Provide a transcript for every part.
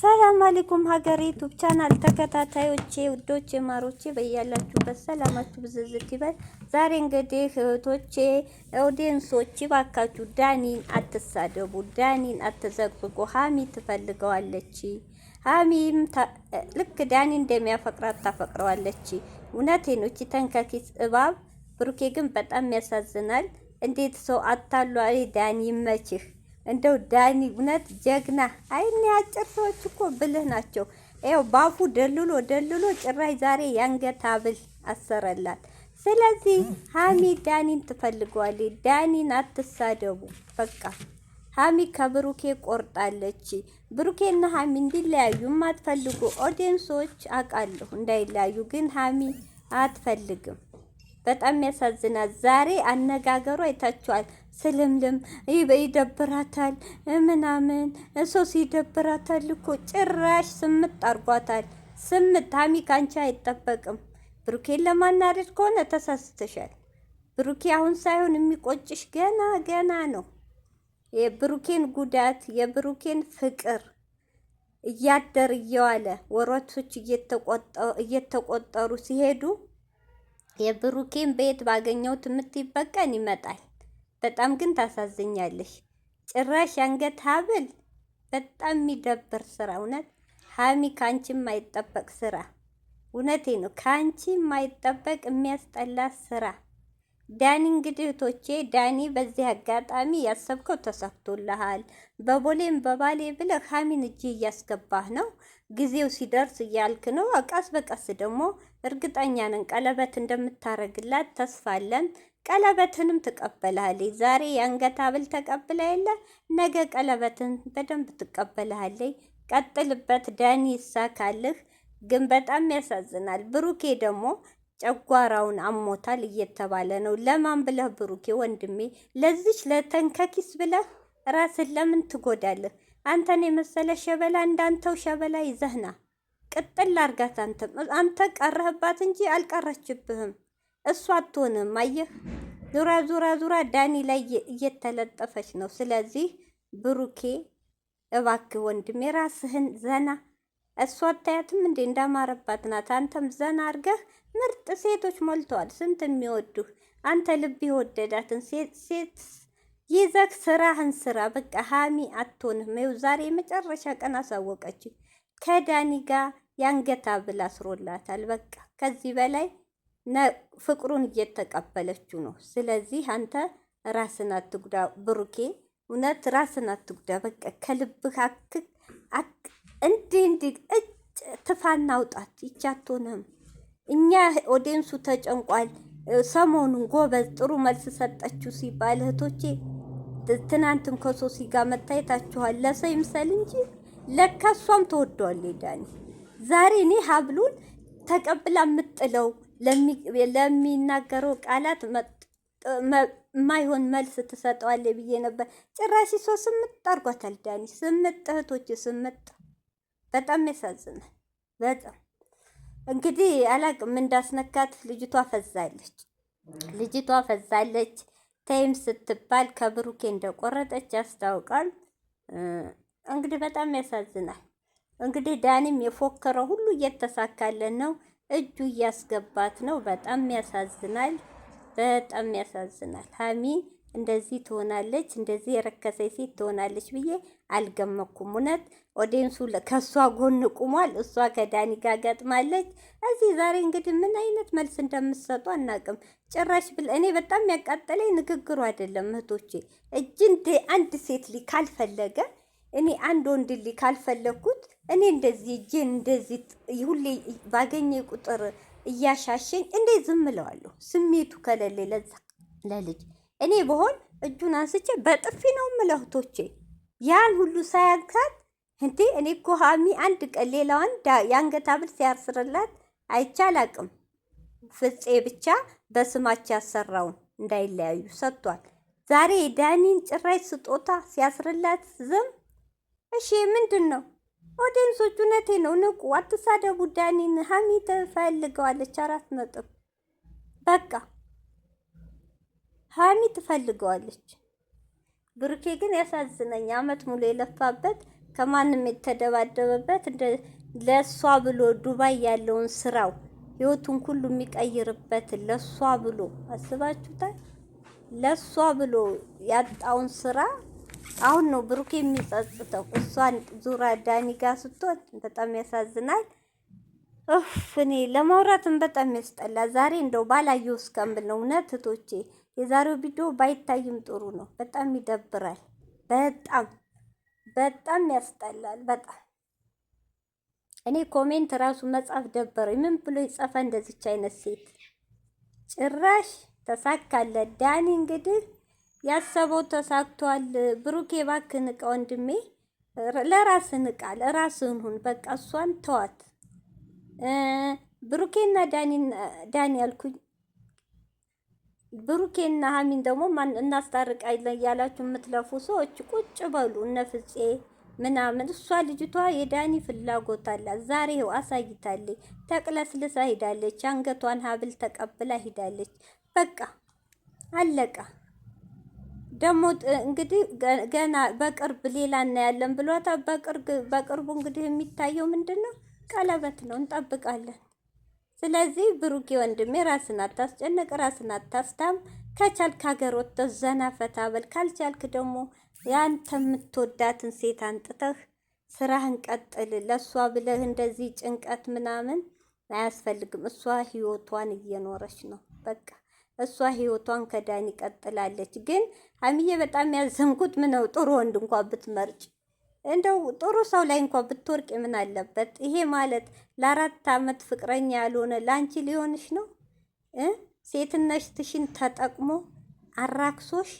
ሰላም አለይኩም ሀገሬ ዩቱብ ቻናል ተከታታዮቼ ውዶቼ ማሮቼ በያላችሁበት ሰላማችሁ ብዝዝት ይበል። ዛሬ እንግዲህ እህቶቼ ኦዲየንሶች ባካችሁ ዳኒን አትሳደቡ፣ ዳኒን አትዘቅዝቁ። ሀሚ ትፈልገዋለች። ሀሚም ልክ ዳኒ እንደሚያፈቅራት ታፈቅረዋለች። እውነቴን እቺ ተንከኪስ እባብ ብሩኬ ግን በጣም ያሳዝናል። እንዴት ሰው አታሏሪ ዳኒ መችህ እንደው ዳኒ እውነት ጀግና። አይ እኔ አጭር ሰዎች እኮ ብልህ ናቸው። ያው ባፉ ደልሎ ደልሎ ጭራሽ ዛሬ የአንገት ሀብል አሰረላት። ስለዚህ ሀሚ ዳኒን ትፈልገዋለች። ዳኒን አትሳደቡ በቃ። ሀሚ ከብሩኬ ቆርጣለች። ብሩኬና ሀሚ እንዲለያዩ አትፈልጉ ኦዲየንሶች፣ አውቃለሁ እንዳይለያዩ፣ ግን ሀሚ አትፈልግም። በጣም ያሳዝናል። ዛሬ አነጋገሩ አይታችኋል። ስልምልም ይደብራታል ምናምን እሶስ ይደብራታል እኮ ጭራሽ ስምት አርጓታል። ስምት ሀሚ ካንቺ አይጠበቅም። ብሩኬን ለማናደድ ከሆነ ተሳስተሻል። ብሩኬ አሁን ሳይሆን የሚቆጭሽ ገና ገና ነው። የብሩኬን ጉዳት የብሩኬን ፍቅር እያደር እየዋለ ወሮቶች እየተቆጠሩ ሲሄዱ የብሩኬን ቤት ባገኘው ትምህርት ይበቀን ይመጣል። በጣም ግን ታሳዝኛለሽ። ጭራሽ አንገት ሀብል በጣም የሚደብር ስራ እውነት ሀሚ፣ ከአንቺ የማይጠበቅ ስራ እውነቴ ነው። ከአንቺ የማይጠበቅ የሚያስጠላ ስራ። ዳኒ እንግዲህ እህቶቼ፣ ዳኒ በዚህ አጋጣሚ ያሰብከው ተሳክቶልሃል። በቦሌም በባሌ ብለህ ሀሚን እጅ እያስገባህ ነው። ጊዜው ሲደርስ እያልክ ነው። ቀስ በቀስ ደግሞ እርግጠኛ ነን ቀለበት እንደምታረግላት ተስፋለን። ቀለበትንም ትቀበልሃለች። ዛሬ የአንገት ሀብል ተቀብላ የለ ነገ ቀለበትን በደንብ ትቀበልሃለች። ቀጥልበት ደን ይሳካልህ። ግን በጣም ያሳዝናል። ብሩኬ ደግሞ ጨጓራውን አሞታል እየተባለ ነው። ለማን ብለህ ብሩኬ ወንድሜ፣ ለዚች ለተንከኪስ ብለህ ራስን ለምን ትጎዳለህ? አንተን የመሰለ ሸበላ እንዳንተው ሸበላ ይዘህና ቅጥል አርጋት። አንተ አንተ ቀረህባት እንጂ አልቀረችብህም። እሱ አትሆንም። አየህ ዙራ ዙራ ዙራ ዳኒ ላይ እየተለጠፈች ነው። ስለዚህ ብሩኬ እባክህ ወንድሜ ራስህን ዘና እሱ አታያትም እንዴ እንዳማረባት ናት። አንተም ዘና አርገህ ምርጥ ሴቶች ሞልተዋል። ስንት የሚወዱህ አንተ ልብ የወደዳትን ሴት ይዘህ ስራህን ስራ። በቃ ሀሚ አትሆንም። ይኸው ዛሬ የመጨረሻ ቀን አሳወቀችው። ከዳኒ ጋር ያንገታ ብላ አስሮላታል። በቃ ከዚህ በላይ ፍቅሩን እየተቀበለችው ነው። ስለዚህ አንተ ራስን አትጉዳ ብሩኬ፣ እውነት ራስን አትጉዳ። በቃ ከልብህ አክክ አክ እንዲህ እንዲህ እጭ ትፋና አውጣት ይቻቶንም እኛ ኦዴንሱ ተጨንቋል። ሰሞኑን ጎበዝ ጥሩ መልስ ሰጠችው ሲባል እህቶቼ ትናንትም ከሶሲ ጋር መታየታችኋል። ለሰው ይምሰል እንጂ ለካ እሷም ተወዷል። ዳኒ ዛሬ እኔ ሀብሉን ተቀብላ የምጥለው ለሚናገረው ቃላት የማይሆን መልስ ትሰጠዋለ ብዬ ነበር። ጭራሽ ሶ ስምጥ አርጓታል። ዳኒ ስምጥ፣ እህቶች ስምጥ። በጣም ያሳዝነ። በጣም እንግዲህ አላቅም እንዳስነካት ልጅቷ ፈዛለች፣ ልጅቷ ፈዛለች። ተይም ስትባል ከብሩኬ እንደቆረጠች ያስታውቃል። እንግዲህ በጣም ያሳዝናል። እንግዲህ ዳኒም የፎከረው ሁሉ እየተሳካለን ነው። እጁ እያስገባት ነው። በጣም ያሳዝናል። በጣም ያሳዝናል። ሀሚ እንደዚህ ትሆናለች፣ እንደዚህ የረከሰች ሴት ትሆናለች ብዬ አልገመኩም። እውነት ኦዴንሱ ከእሷ ጎን ቁሟል፣ እሷ ከዳኒ ጋር ገጥማለች። እዚህ ዛሬ እንግዲህ ምን አይነት መልስ እንደምትሰጡ አናቅም። ጭራሽ ብል እኔ በጣም ያቃጠለኝ ንግግሩ አይደለም እህቶቼ፣ እጅ እንደ አንድ ሴት ሊ ካልፈለገ እኔ አንድ ወንድ ልጅ ካልፈለግኩት እኔ እንደዚህ እጄን እንደዚህ ሁሌ ባገኘ ቁጥር እያሻሸኝ እንዴ ዝም እለዋለሁ? ስሜቱ ከሌለ ለዛ ለልጅ እኔ በሆን እጁን አንስቼ በጥፊ ነው ምለህቶቼ ያን ሁሉ ሳያንሳት እንዴ እኔ እኮ ሀሚ አንድ ቀን ሌላዋን የአንገት ሀብል ሲያስርላት አይቻላቅም ፍፄ ብቻ በስማች ያሰራውን እንዳይለያዩ ሰጥቷል። ዛሬ ዳኒን ጭራሽ ስጦታ ሲያስርላት ዝም እሺ ምንድን ነው? ኦዲየንሶቹ እውነቴ ነው፣ ንቁ፣ አትሳደቡ። ዳኒን ሀሚ ትፈልገዋለች። አራት ነጥብ። በቃ ሀሚ ትፈልገዋለች። ብሩኬ ግን ያሳዝነኝ፣ አመት ሙሉ የለፋበት ከማንም የተደባደበበት ለእሷ ብሎ ዱባይ ያለውን ስራው ህይወቱን ሁሉ የሚቀይርበት ለእሷ ብሎ አስባችሁታል። ለእሷ ብሎ ያጣውን ስራ አሁን ነው ብሩክ የሚጸጽተው። እሷን ዙራ ዳኒ ጋር ስትሆን በጣም ያሳዝናል። እፍ እኔ ለማውራትም በጣም ያስጠላ። ዛሬ እንደው ባላየው እስከምል እውነት እህቶቼ፣ የዛሬው ቪዲዮ ባይታይም ጥሩ ነው። በጣም ይደብራል። በጣም በጣም ያስጠላል። በጣም እኔ ኮሜንት ራሱ መጻፍ ደበረኝ። ምን ብሎ ይጸፋ እንደዚች አይነት ሴት ጭራሽ ተሳካለ ዳኒ እንግዲህ ያሰበው ተሳክቷል። ብሩኬ እባክህ ንቃ ወንድሜ፣ ለራስህ ንቃ፣ ለራስህን ሁን። በቃ እሷን ተዋት። ብሩኬና ዳኒ ያልኩኝ ብሩኬና ሀሚን ደግሞ ማን እናስታርቃ እያላችሁ የምትለፉ ሰዎች ቁጭ በሉ። እነ ፍፄ ምናምን እሷ ልጅቷ የዳኒ ፍላጎት አላት። ዛሬ ይኸው አሳይታለች። ተቅለስልሳ ሂዳለች። አንገቷን ሀብል ተቀብላ ሂዳለች። በቃ አለቃ። ደግሞ እንግዲህ ገና በቅርብ ሌላ እናያለን ብሏታ። በቅርቡ እንግዲህ የሚታየው ምንድን ነው? ቀለበት ነው። እንጠብቃለን። ስለዚህ ብሩኬ ወንድሜ ራስን አታስጨንቅ፣ ራስን አታስታም። ከቻልክ ሀገር ወጥተህ ዘና ፈታ በል። ካልቻልክ ደግሞ ያንተ የምትወዳትን ሴት አንጥተህ ስራህን ቀጥል። ለእሷ ብለህ እንደዚህ ጭንቀት ምናምን አያስፈልግም። እሷ ህይወቷን እየኖረች ነው በቃ እሷ ህይወቷን ከዳኒ ቀጥላለች። ግን ሀሚዬ በጣም ያዘንኩት ነው ጥሩ ወንድ እንኳ ብትመርጭ እንደው ጥሩ ሰው ላይ እንኳ ብትወርቅ ምን አለበት? ይሄ ማለት ለአራት አመት ፍቅረኛ ያልሆነ ለአንቺ ሊሆንሽ ነው። ሴትነሽ ትሽን ተጠቅሞ አራክሶሽ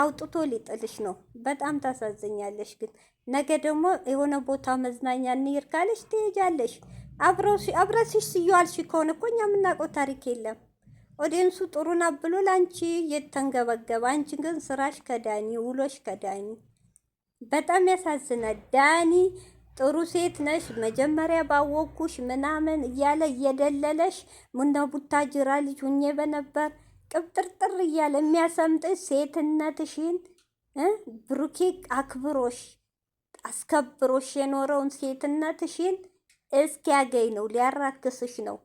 አውጥቶ ሊጥልሽ ነው። በጣም ታሳዝኛለሽ። ግን ነገ ደግሞ የሆነ ቦታ መዝናኛ እንሂድ ካለሽ ትሄጃለሽ። አብረሽ ሲዩ አልሽ ከሆነ እኮ እኛ የምናውቀው ታሪክ የለም። ኦዲየንሱ ጥሩ ናት ብሎ ለአንቺ የተንገበገበ፣ አንቺ ግን ስራሽ ከዳኒ ውሎሽ ከዳኒ በጣም ያሳዝናል። ዳኒ ጥሩ ሴት ነሽ፣ መጀመሪያ ባወኩሽ ምናምን እያለ እየደለለሽ ሙና ቡታጅራ ልጅ ሁኜ በነበር ቅብጥርጥር እያለ የሚያሰምጥሽ ሴትነትሽን ብሩኬ አክብሮሽ አስከብሮሽ የኖረውን ሴትነትሽን እስኪያገኝ ነው ሊያራክስሽ ነው።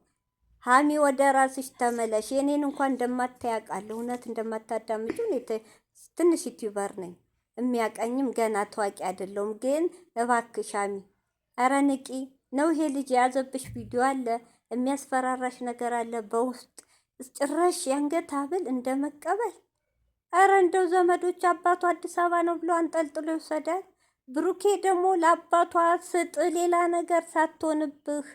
ሀሚ ወደ ራስሽ ተመለሽ። የኔን እንኳን እንደማታያውቃለሁ እውነት እንደማታዳምጪው ትንሽ ዩቲዩበር ነኝ የሚያቀኝም ገና ታዋቂ አይደለሁም። ግን እባክሽ ሀሚ ኧረ ንቂ ነው ይሄ ልጅ የያዘብሽ ቪዲዮ አለ፣ የሚያስፈራራሽ ነገር አለ በውስጥ ጭራሽ የአንገት ሀብል እንደ መቀበል። ኧረ እንደው ዘመዶች አባቱ አዲስ አበባ ነው ብሎ አንጠልጥሎ ይወሰዳል። ብሩኬ ደግሞ ለአባቷ ስጥ ሌላ ነገር ሳትሆንብህ